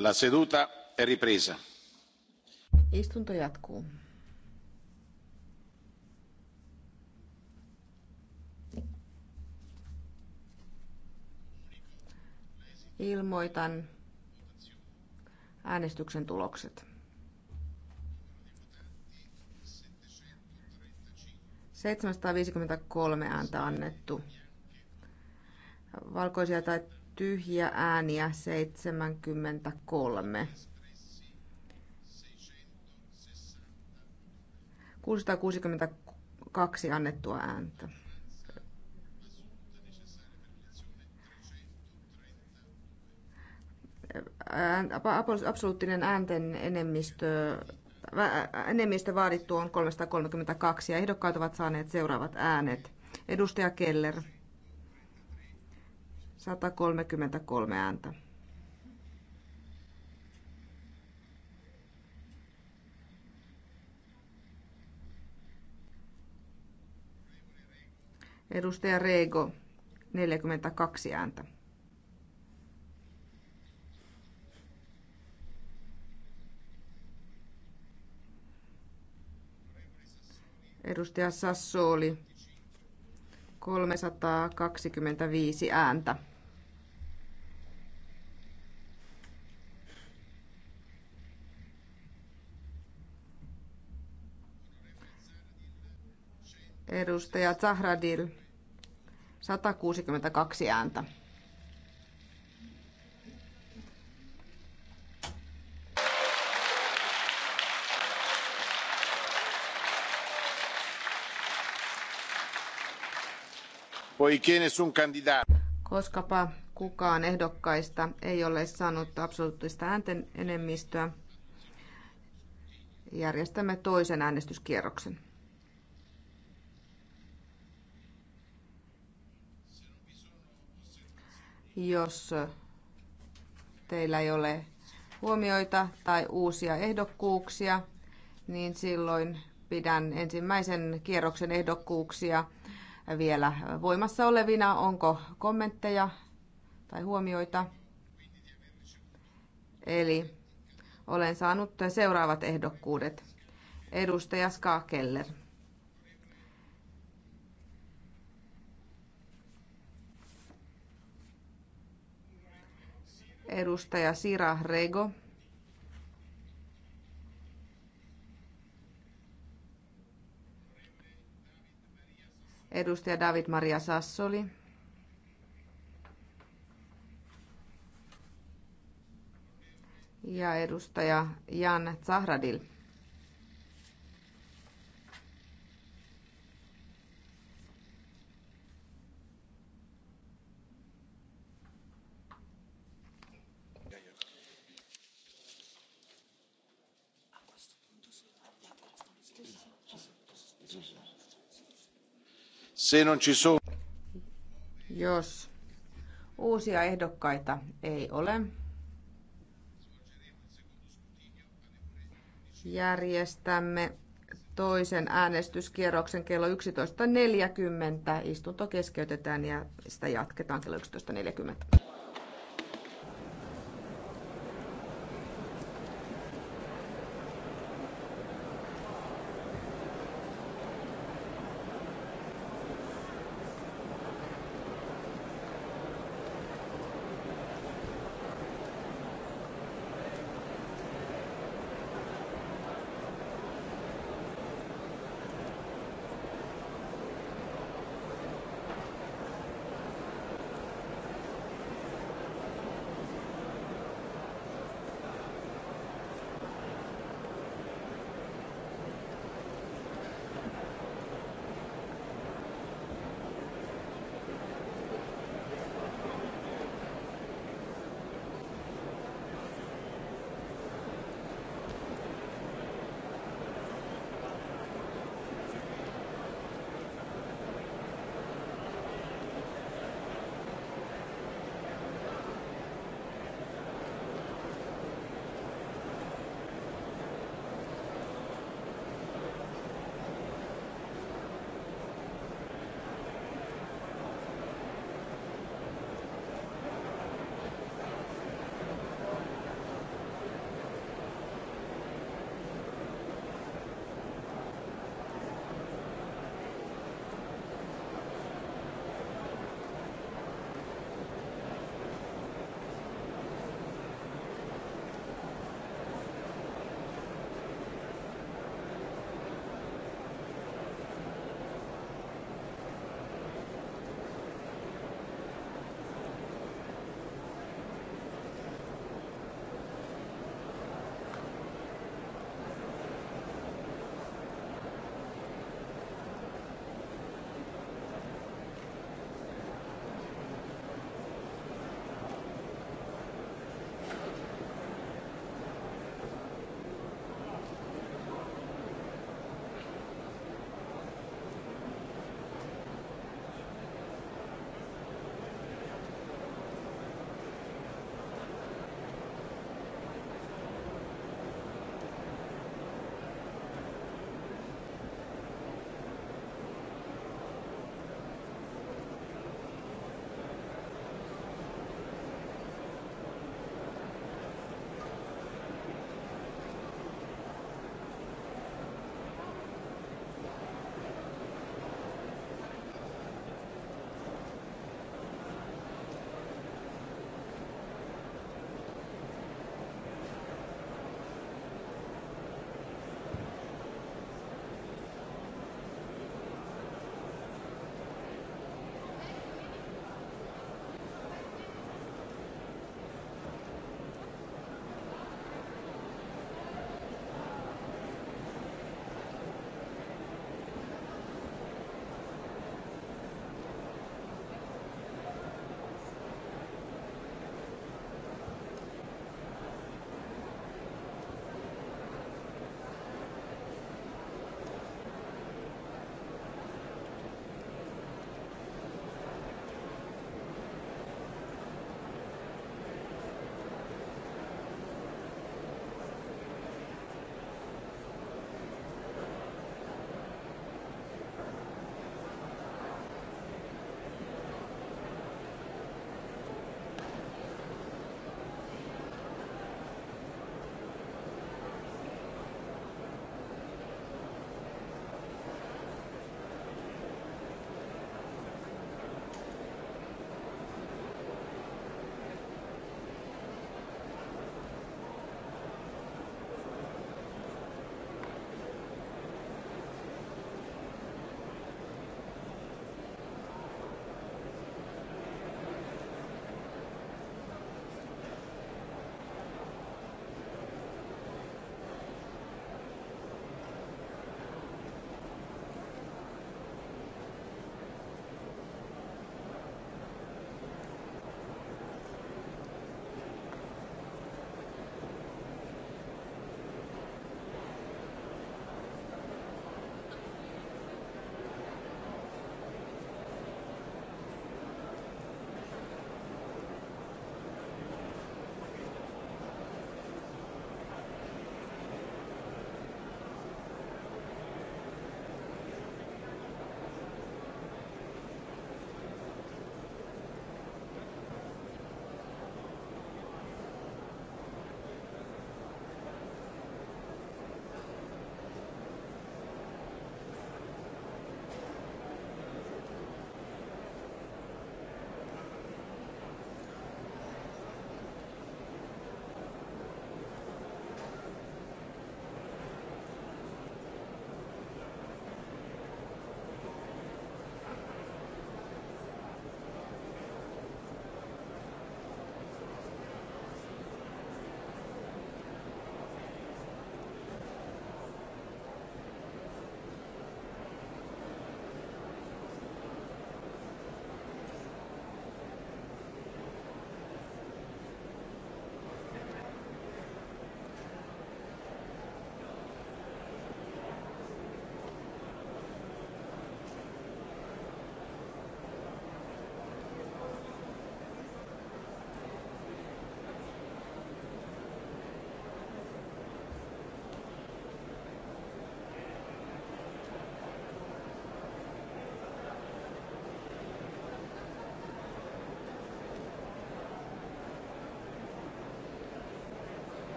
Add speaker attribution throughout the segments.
Speaker 1: La seduta è ripresa.
Speaker 2: Istunto jatkuu. Ilmoitan äänestyksen tulokset. 753 ääntä annettu. Valkoisia tai tyhjä ääniä 73. 662 annettua ääntä. absoluuttinen äänten enemmistö, enemmistö vaadittu on 332 ja ehdokkaat ovat saaneet seuraavat äänet. Edustaja Keller 133 ääntä. Edustaja Rego, 42 ääntä. Edustaja Sassoli, 325 ääntä. Edustaja Zahradil, 162 ääntä. poiché Koskapa kukaan ehdokkaista ei ole saanut absoluuttista äänten enemmistöä, järjestämme toisen äänestyskierroksen. Jos teillä ei ole huomioita tai uusia ehdokkuuksia, niin silloin pidän ensimmäisen kierroksen ehdokkuuksia vielä voimassa olevina. Onko kommentteja tai huomioita? Eli olen saanut seuraavat ehdokkuudet. Edustaja Skakeller. Edustaja Sira Rego. Edustaja David Maria Sassoli. Ja edustaja Jan Zahradil. Jos uusia ehdokkaita ei ole, järjestämme toisen äänestyskierroksen kello 11.40. Istunto keskeytetään ja sitä jatketaan kello 11.40.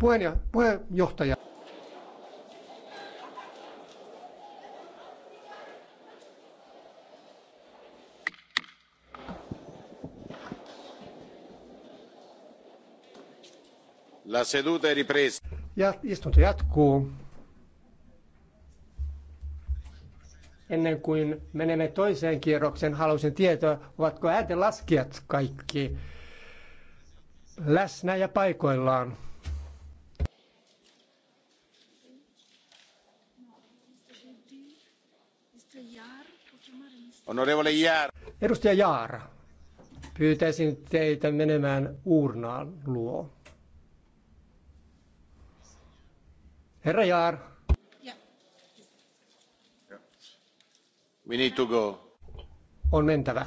Speaker 3: Puheenjohtaja. Ja, istunto jatkuu. Ennen kuin menemme toiseen kierrokseen, haluaisin tietää, ovatko ääntenlaskijat kaikki läsnä ja paikoillaan. Edustaja Jaara, pyytäisin teitä menemään uurnaan luo. Herra Jaar. We need to go. On mentävä.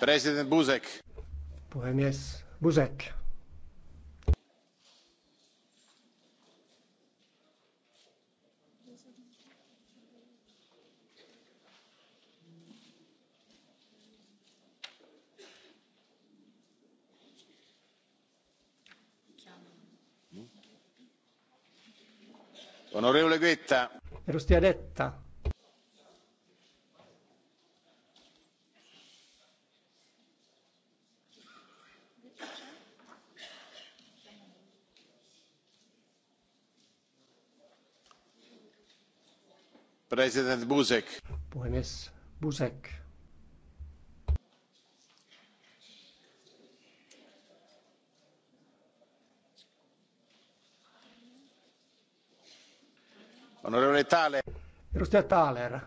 Speaker 1: President Buzek.
Speaker 3: Puhemies Buzek.
Speaker 1: Onorevole Guetta.
Speaker 3: Edustaja Detta.
Speaker 1: President Buzek.
Speaker 3: Puhemies Buzek.
Speaker 1: Honorable Thaler.
Speaker 3: Edustaja Thaler.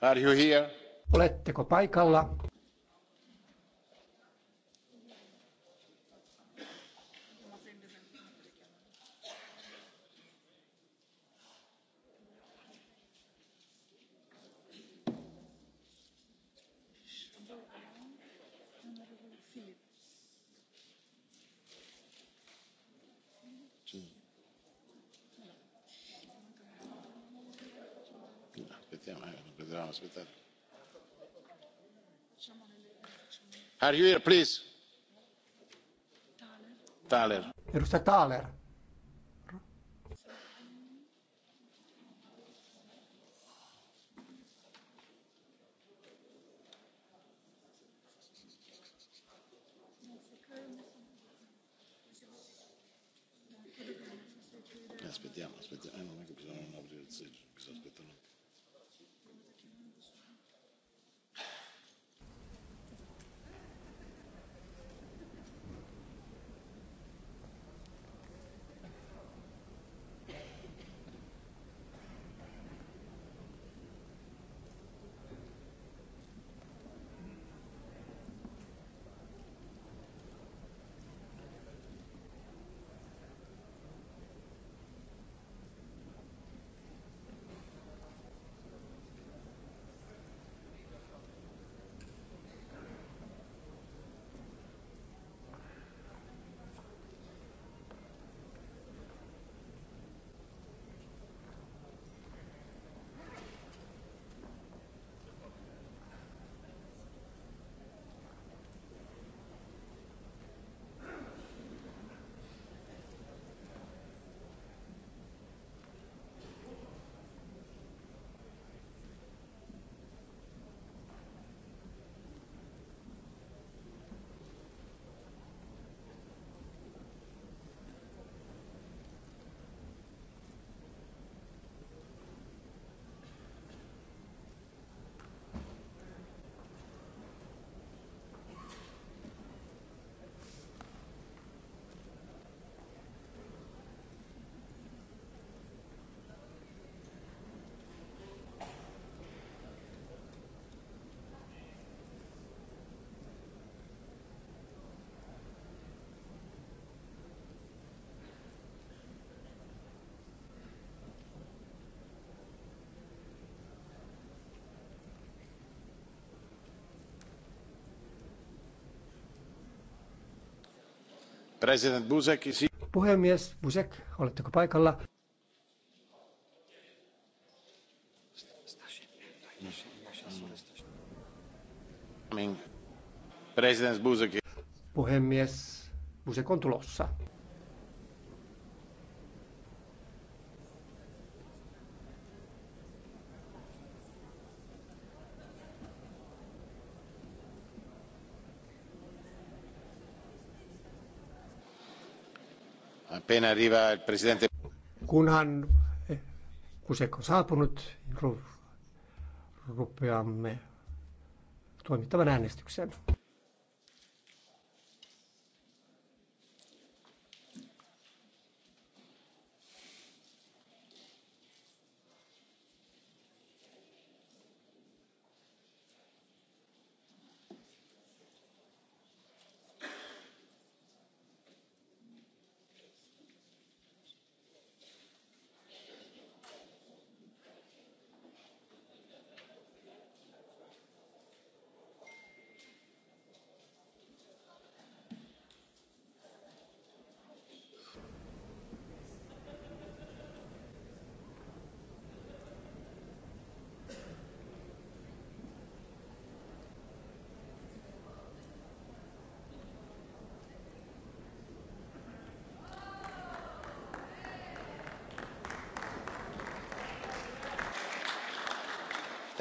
Speaker 1: Are you here?
Speaker 3: Oletteko paikalla?
Speaker 1: hospital. Are you here, please? Thaler.
Speaker 3: Edustaja Thaler.
Speaker 1: President Buzek
Speaker 3: Puhemies Buzek, oletteko paikalla?
Speaker 1: President Buzek.
Speaker 3: Puhemies Buzek on tulossa. Kunhan se on saapunut, rupeamme toimittavan äänestyksen.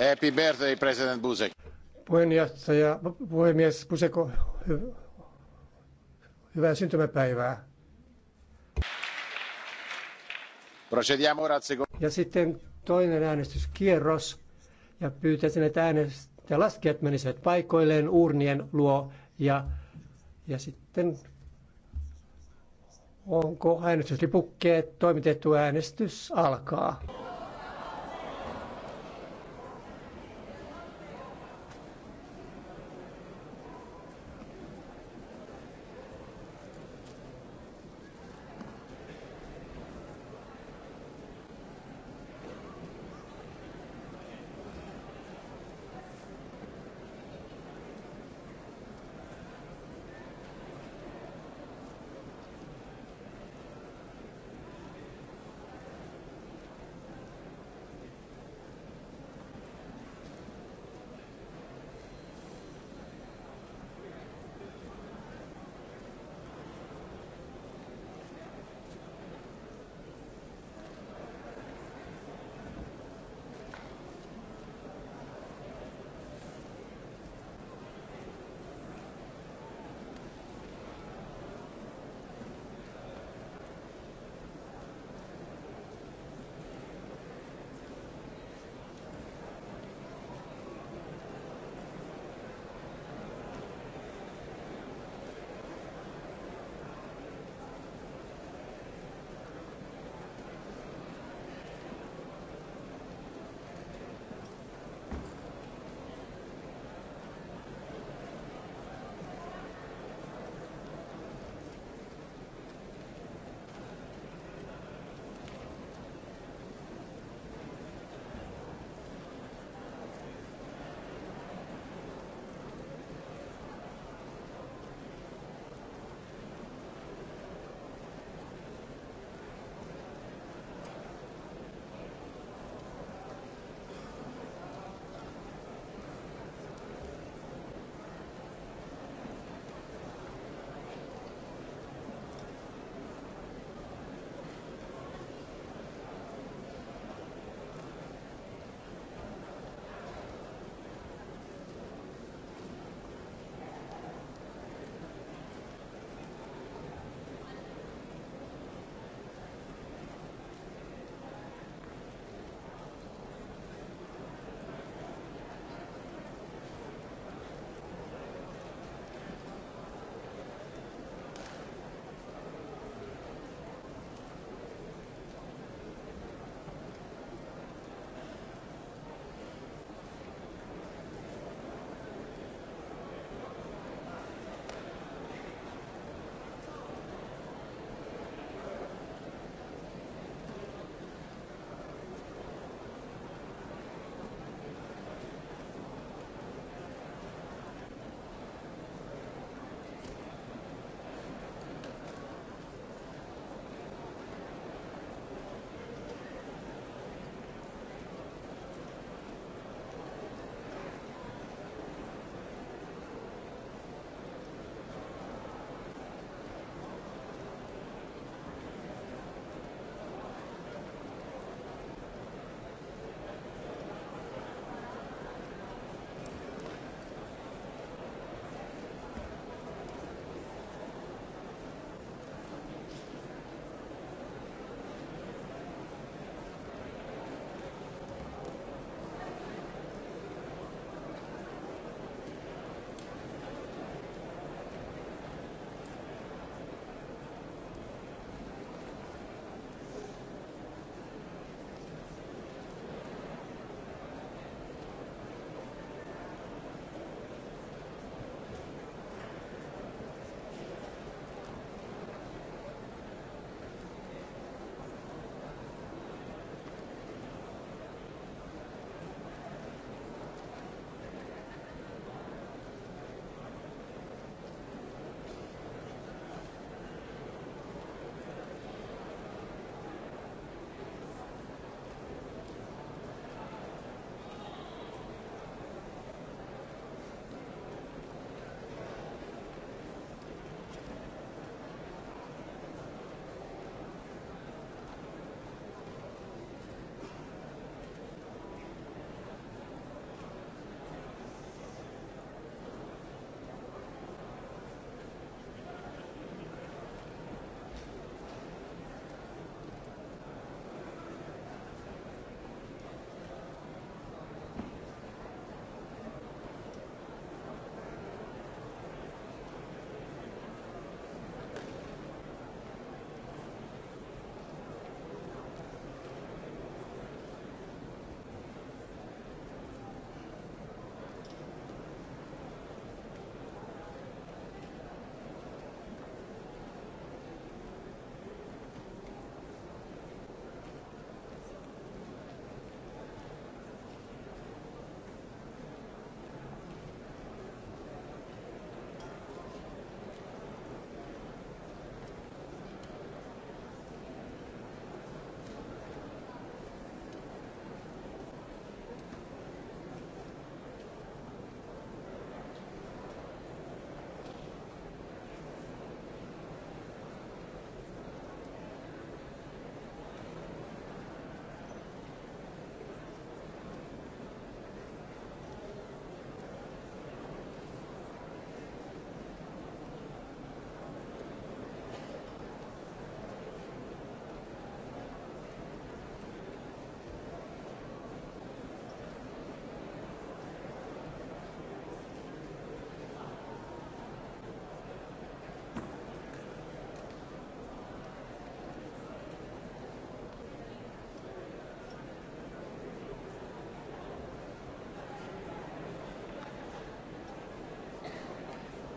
Speaker 3: Happy puhemies Buzek, hyvää syntymäpäivää. Ja sitten toinen äänestyskierros. Ja pyytäisin, että äänestäjälaskijat menisivät paikoilleen uurnien luo. Ja, ja sitten onko äänestyslipukkeet toimitettu äänestys alkaa.